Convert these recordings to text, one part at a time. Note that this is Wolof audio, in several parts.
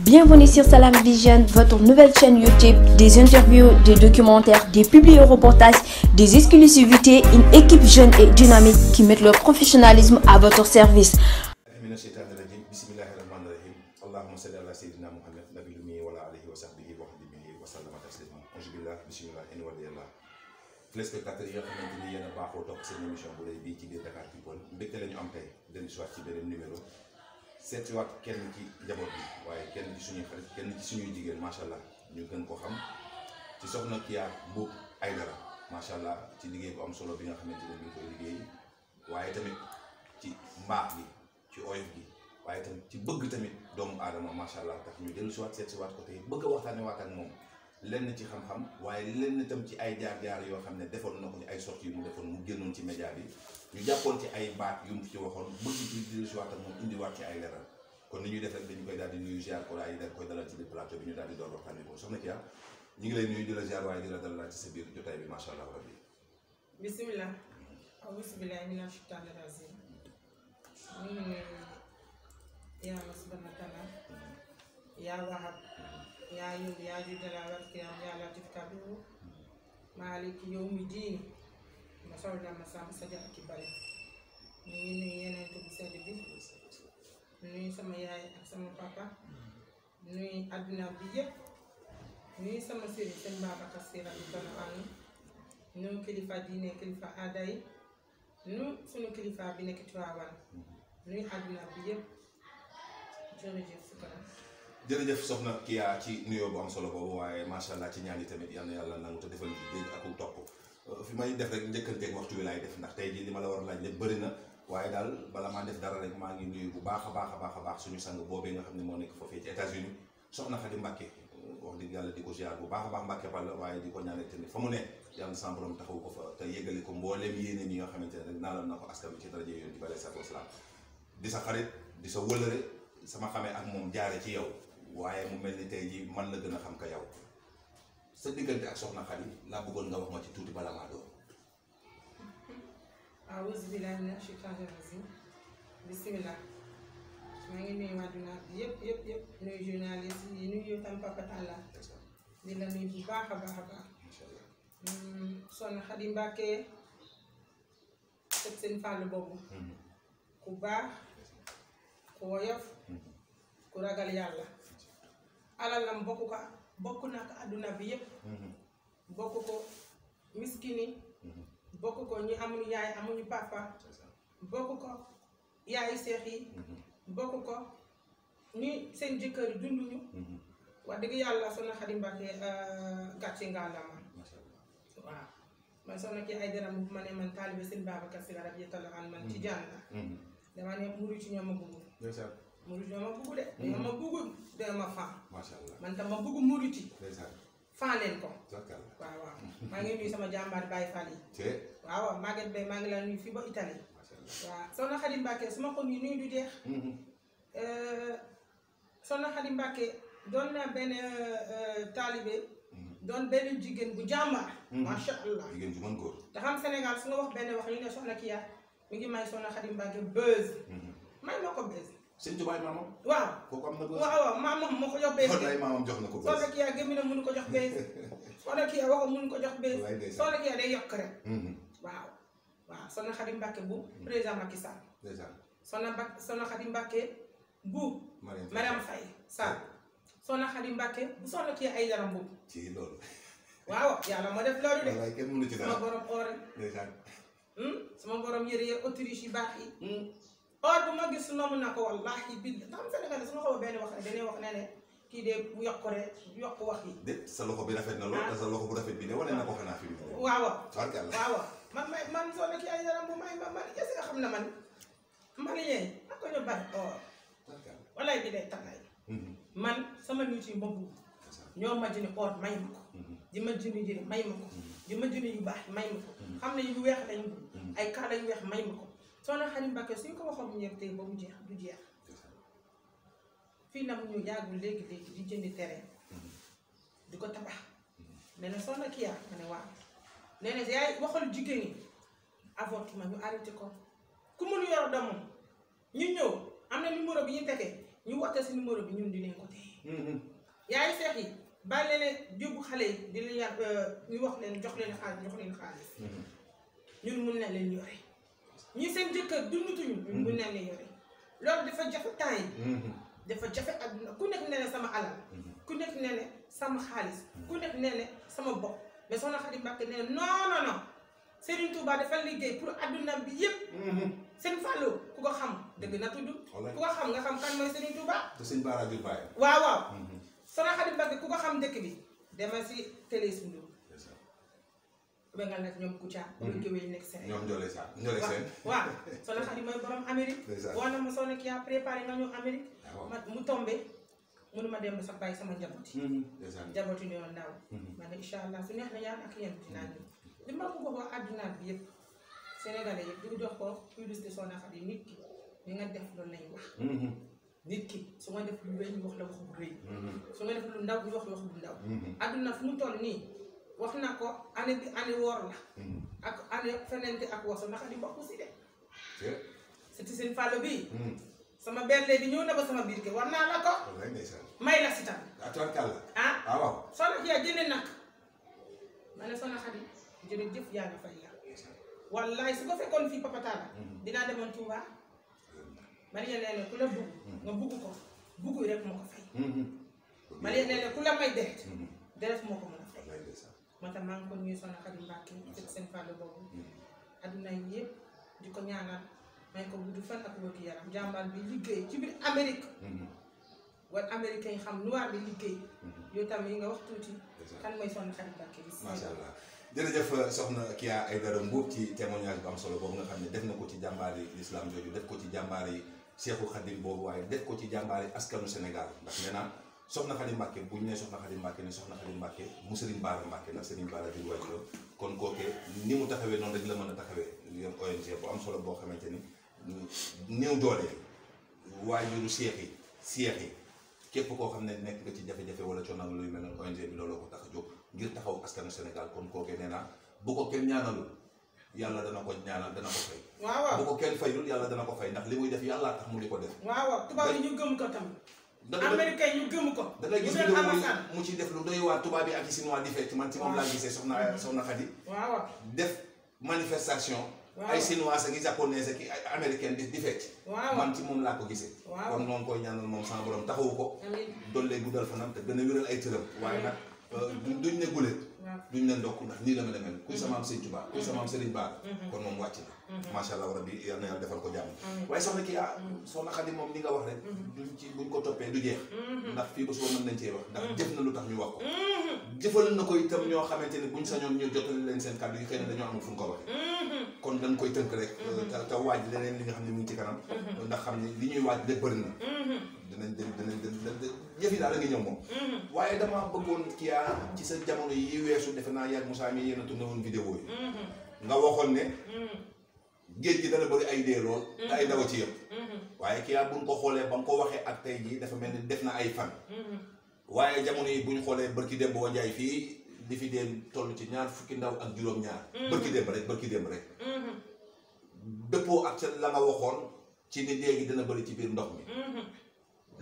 Bienvenue sur Salam Vision, votre nouvelle chaîne YouTube, des interviews, des documentaires, des publi-reportages, des exclusivités, une équipe jeune et dynamique qui met leur professionnalisme à votre service. téléspectateurs yi nga xamante ni yéen a baaxoo topp seen émission bu lay bii ci biir Dakar People mbégte la ñu am tey dellu si waat ci beneen numéro seetiwaat kenn ci njaboot bi waaye kenn ci suñuy xarit kenn ci suñuy jigéen macha allah ñu gën ko xam ci soxna Kya ay Aïdara macha allah ci liggéey bu am solo bi nga xamante ne ñu ngi koy liggéey waaye tamit ci mbaax gi ci oyof gi waaye tamit ci bëgg tamit doomu aadama macha allah tax ñu dellu si waat seet si waat ko tey bëgg a waxtaanee waa ak moom. lenn ci xam-xam waaye lenn itam ci ay jaar-jaar yoo xam ne defoon na ko ci ay sorties yu mu defoon mu génnoon ci média bi ñu jàppoon ci ay baat yu mu ci waxoon bëgg ci dellusiwaat ak moom indiwaat ci ay leeral kon ni ñuy def rek dañu koy daal di nuyu ziar ko daal di koy dalal ci biir plateau bi ñu daal di door waxtaan bi moom soxna Kya ñu ngi lay nuyu di la ziar waaye di la dalal ci sa biir jotaay bi macha allah rabbi. bisimilah. bisimilah. yaa waxaat. yaa yóbbu yaa juy dalal wal kiram yaa latif kabiru maaliki yawmi diini ma sol na ma sàmm sa jax ci bari ñu ngi nuyu yeneen bu sedd bi nuyu sama yaay ak sama papa nuyu àddina bi yépp nuyu sama sëriñ seen Babacar Sy radiyallahu anhu nuyu kilifa diine kilifa aada yi nuyu sunu kilifa bi nekk Tiwaawan nuyu àddina bi yépp jërëjëf sukkanam jërëjëf soxna Kya ci nuyoo bu am solo boobu waaye macha allah ci ñaan yi tamit yal na yàlla nangu te defal dégg euh, may def rek njëkkanteeg waxtu wi laay def ndax tey jii ma la war a laaj bëri na waaye daal bala maa def dara rek maa ngi bu baax a baax a baax a baax suñu sang boobee nga xam ne moo nekk foofee ci États-Unis euh, di ko ziar bu baax a baax Mbàkke Pall waaye di ko ñaanal tamit fa mu ne yàlla na sama borom ko fa te yëgale ko mbooleem yéene ñi nga xamante ne naa naalal na ko askan bi ci daraje yoon di bale sa di sa xarit di sa wëlëre sama xamee ak moom jaare ci yow waaye mu mel ni tey man la gën a xam ka yow sa diggante ak soxna Xadi laa bëggoon nga wax ma ci tuuti bala maa doon awuzu billaahi mina shaytaani rajiim bisimilah maa ngi nuyu àdduna bi yëpp yëpp yëpp nuyu bu baax a baax a baax mm, soxna Xadi Mbàkke sëb seen fàll boobu mm-hmm. ku baax ku woyof mm-hmm. ku ragal yàlla alalam bokk ko bokk na ko adduna bi yëpp mhm. bokk ko miskini mhm. bokk ko ñi amuñu yaay amuñu papa bokk ko yaayu seex yi mhm. bokk ko ñi seen jëkkër yi dunduñu wax dëgg yàlla soxna Xadi Mbàkke euh, gàcce ngaalama waaw man soxna kii ay dara bu ma ne man taalibe seen Babacar Si Radiyallaahu anhu man ci jaan la dama ne muru ci ñoom a murit ñoo ma bugg de. ma bugg de ma faa. man tam ma bugg muriti. faa leen ko. waaw waaw maa ngi nuyu sama jàmbaar Baye Fall yi. waaw maa ngi la nuyu fii ba Italie. waaw soxna Xadi Mbàkke sama xol yi nuyu du jeex. Mm-hmm. Euh, soxna Xadi Mbàkke doon naa benn euh, euh, taalibe. Mm-hmm. doon benn jigéen bu jàmbaar. Mm-hmm. macha allah jigéen bu mën góor. te xam Sénégal su nga wax benn wax ñu ne soxna Kiya mi ngi may soxna Xadi Mbàkke buzz. may ma ko buzz. sëñ Tuba ay maamam. waaw kooku am ko. waaw waaw maamam moo ko jox bees. kon ay maamam jox na ko bees. soo nekk yaa gëm na ko jox bees. soo nekk yaa waxoon mënu ko jox bees. waay day soo nekk yaa day yokk rek. Mm-hmm. waaw waaw soxna Xadi Mbàkke bu mm-hmm. président Macky Sall. président soxna Mbàkke soxna Xadi Mbàkke bu. Mariam Faye Sall. ay yaram boobu. ci loolu. waaw yàlla moo def loolu de. wallaay kenn mënu ci dara sama borom oore. Hmm? sama borom yëre yi autriche yu baax yi. Mm. heure bu ma gis nomm na ko wallaahi bi nga xam Sénégal su ma xaw a benn wax dañuy wax ne ne kii de bu yokk rek yokk wax yi. déet sa loxo bi rafet na lool ah. te sa loxo bu rafet bi ne wane na ko xanaa fi mu. man may man soo nekk ay yaram bu ma man est-ce xam na man malien ak ko ñu bari or. Oh. walaay bi day tànnaay. Mhm. man sama nit yi boobu ñoo ma jënd or may ma ko. Mhm. di ma jënd jënd may ma ko. Mhm. di ma jënd yu baax may ma ko. xam ne yu weex lañ ay kaala yu weex may ma ko. soxna Xadim Mbàkke suñ ko waxoon ñëw tey ba mu jeex du jeex fii nag ñu yàggul léegi léegi di jëndi terrain di ko tabax nee na soxna Kiya ma ne waaw nee na jigéen ñi avortement ñu arrêté ko ku mun ñu ñëw am na numéro bi ñu tegee ñu woote si numéro bi ñun dinañ ko téye. Mm-hmm. yaay seex yi bàyyi leen yóbbu xale yi di leen yar euh, ñu wax leen jox leen xaalis jox leen xaalis mm-hmm. ñun mun na leen yore. ñi seen jëkkër dundutuñu. mu ne la yore loolu dafa jafe temps yi. Mm-hmm. dafa jafe adduna ku nekk nee sama alal. Mm-hmm. ku nekk nee na sama xaalis. Mm-hmm. ku nekk nee sama bopp mais soxna Xadi Mbàkke nee na non non non Serigne Touba dafa pour adduna bi yëpp. seen fàllu ku ko xam dëgg na tudd. ku ko xam nga xam kan mooy Serigne Touba. te sëñ Baara Jur Baay. waaw waaw. soxna Xadi ku ko xam dëkk bi dama si télé suñu. wala nga nekk ñoom Koutia. wala Géwél nekk Sénégal ñoom Ndiolé Sarr Ndiolé Sène. waaw soo leen xam ne ma soo nekk yaa préparé nga ñëw Amérique. Ah, ma mu tombé mënu dem ba sax bàyyi sama njaboot yi. Mm-hmm. njaboot yi ñoo mm-hmm. mm-hmm. bi yëpp Sénégalais yëpp di jox ko publicité soo nit ki li nga def loolu lañ wax. nit ki su nga def lu rëy ñu wax la wax bu rëy. su nga def lu ndaw ñu wax wax bu ndaw. àdduna fu mu toll nii wax na ko année bi année woor la hmm. ak année feneen bi ak woso ndax di bokk si de sëti seen fàll bii sama bernde bi ñëw na ba sama biir kër war naa la ko may la si tam ah, ah. ah waaw soxna yaa jënd nag ma ne soxna Xadi jërëjëf yaa nga fay yàlla wallaay su ko fekkoon fii papataala hmm. dinaa demoon Touba hmm. Maria nee na ku la bugg nga bugg ko rek moo ko fay Maria nee na ku la may deret moo moo tax maa ngi ko nuyu soxna Xadi Mbàkke ci seen fàllu boobu adduna mm. yëpp di ko ñaanal may ko du fan ak wér yaram jàmbaar bi liggéey ci biir Amérique mm-hmm. wala américain yi xam nu waa bi liggéey mm-hmm. yooyu tamit yi nga wax tuuti kan mooy soxna Xadi Mbàkke bi macha allah jërëjëf euh, soxna ki ay Aidara Mboup ci témoignage bu am solo boobu nga xam ne def na ko ci jàmbaar yi l'islam jooju def ko ci jàmbaar yi Cheikhul Khadim boobu waaye def ko ci jàmbaar yi askanu Sénégal ndax nee soxna Xadi Mbàkke bu ñu nee soxna Xadi Mbàkke ne soxna Xadi Mbàkke mu Sëriñ Baara Mbàkke ndax Sëriñ Baara di wàjjoo kon kookee ni mu taxawee noonu rek la mën a taxawee yéen ONG bu boo xamante ni néew doole waajuru seex yi seex yi képp koo xam ne nekk nga ci jafe wala coono luy mel ne ONG bi looloo ko tax a jóg ngir taxaw askanu senegal kon kookee nee naa bu ko kenn ñaanalul yàlla dana ko ñaanal dana ko fay. waaw waaw bu ko kenn fayul yàlla dana ko fay ndax li muy def yàlla tax mu di ko def. waaw tubaab yi ñu gëm ko tam américain ñu gëm ko. da ngay gis vidéo mu ciy def lu doy waar tubaab yi ak chinois di fekk man ci moom laa gisee soxna mm-hmm. soxna Khady. waaw def manifestation. ay chinois ak i japonais ak i américain di fecc man ci moom laa ko gisee. kon noonu koy ñaanal moom sama borom taxawu ko. amiin doole guddal fanam te gën a wéral ay tëram. waaye nag euh, duñ ne gulee. duñ leen dokku ndax nii la ma demee kuy sama am sëñ Tuubaa kuy sama am sëriñ Baara mhm. kon moom wàcc na mhm. macha allah rabbi yal na yàlla defal ko jàmm waaye soxna kii ah mhm. soxna Xadi moom li nga wax rek duñ ci ko toppee du jeex ndax fii ba suba mën nañ cee wax ndax jëf na lu tax ñu wax ko jëfal na ko itam ñoo xamante ne buñ sañoon ñu jotali leen seen kàddu yi xëy dañoo amul fu ñu ko kon dañ koy tënk rek te waaj leneen li nga xam ne mu ci kanam danañ dem danañ nga ñëw moom. Mm-hmm. waaye damaa bëggoon kii ah, ci sa jamono yi weesu defe naa yàgg Moussa mi yéen a tourné woon vidéo mm-hmm. nga waxoon ne. Mm-hmm. géej gi dana bëri ay dee lool. te ay ah, ko xoolee ba mu waxee ak tey jii dafa mel ni def na ay fan. waaye jamono yi buñ xoolee barki démb wa njaay fii li fi dee toll ci ñaar fukki ndaw ak juróom-ñaar. barki démb rek barki démb rek. dëppoo ak sa la waxoon ci ni léegi dana bëri ci biir ndox mi.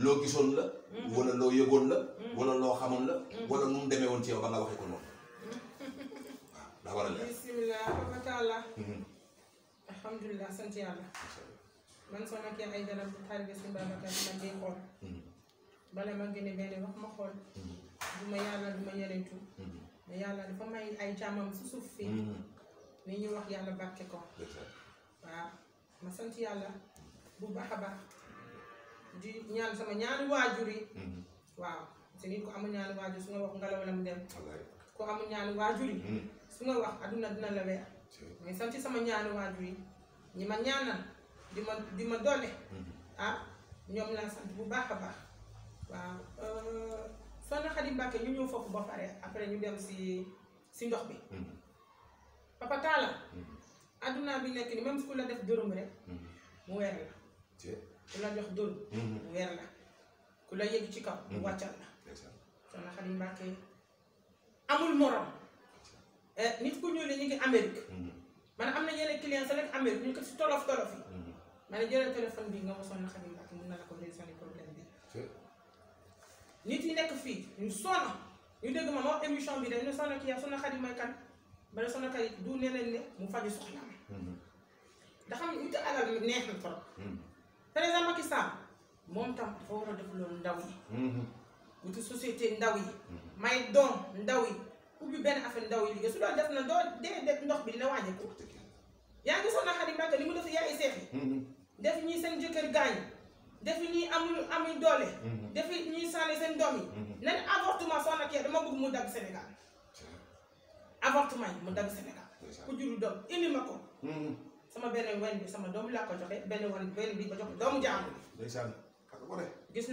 loo gisoon la mhm. wala loo yëgoon la mhm. wala loo xamoon la mhm. wala nu mu demee woon ci yow ba nga waxee ko noonu waaw daa war a leer bismillah taala alhamdulilah sant yàlla ay garab xool bala ma gën a benn wax ma xool du ma yàlla du ma yàlla dafa may ay jàmmam si suuf fii ni ñuy wax yàlla barke ko waaw ma sant yàlla bu baax ba di ñaan sama ñaari waajur yi mm-hmm. waaw te nit ko amul ñaari waajur su wax ngelaw la mu dem ku amul ñaari waajur yi mm-hmm. su nga wax adduna dina la weer mais ci sama ñaanu waajur yi ñi ma ñaanal di ma di ma doole mm-hmm. ah ñoom laa sant bu baax a baax waaw euh, soxna Xadi Mbàkke ñu ñëw foofu ba pare après ñu dem si si ndox bi papa Talla adduna bi nekk ni même su la def dërëm rek mu weer la ku la jox dul mm-hmm. weer la ku la yëg ci kaw mm-hmm. wàccal la soxna Xadi Mbàkke amul morom eh, nit ku ñuul ñu ngi Amérique mm-hmm. man am na yeneen client sa rek Amérique ñu ko si tolof tolof yi ma ne jëlal téléphone bi nga ma soxna Xadi Mbàkke mun na la ko résolu problème bi nit yi nekk fii ñu sonn ñu dégg ma ma wax émission bi dañ ne soxna kii yaa soxna Xadi mooy kan ba ne du neneen ne mu faju soxlaam ndax xam ne alal neex na président Macky Sall moom tam dafa war a def loolu ndaw yi. Mhm. wuti société ndaw yi. may doom ndaw yi ubbi benn affaire ndaw yi liggéey su loolu def na doo dee def ndox bi dina wàññeeku. yaa ngi soxna Xadi Mbàkke li mu def yaay seex yi. Mhm. def ñii seen jëkkër gaañ. def ñii amul amul doole. Mhm. def ñii sànni seen doom yi. nan avortement soxna kii dama bëgg mu dagg Sénégal. avortement yi mu dagg Sénégal. ku juru doom indi ma ko. sama benn wen doom laa ko joxe benn bi ko jox doomu jàmbur. ndeysaan ma mm-hmm. ko joxe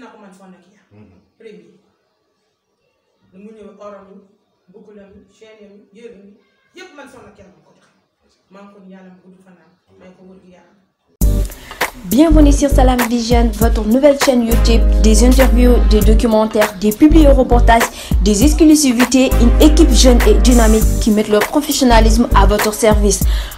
maa ngi ko yàlla mu gudd fanaan may ko wër gi yàlla. Bienvenue Salam Vision, votre nouvelle chaîne YouTube, des interviews, des documentaires, des publi-reportages, des exclusivités, une équipe jeune et dynamique qui met leur professionnalisme à votre service.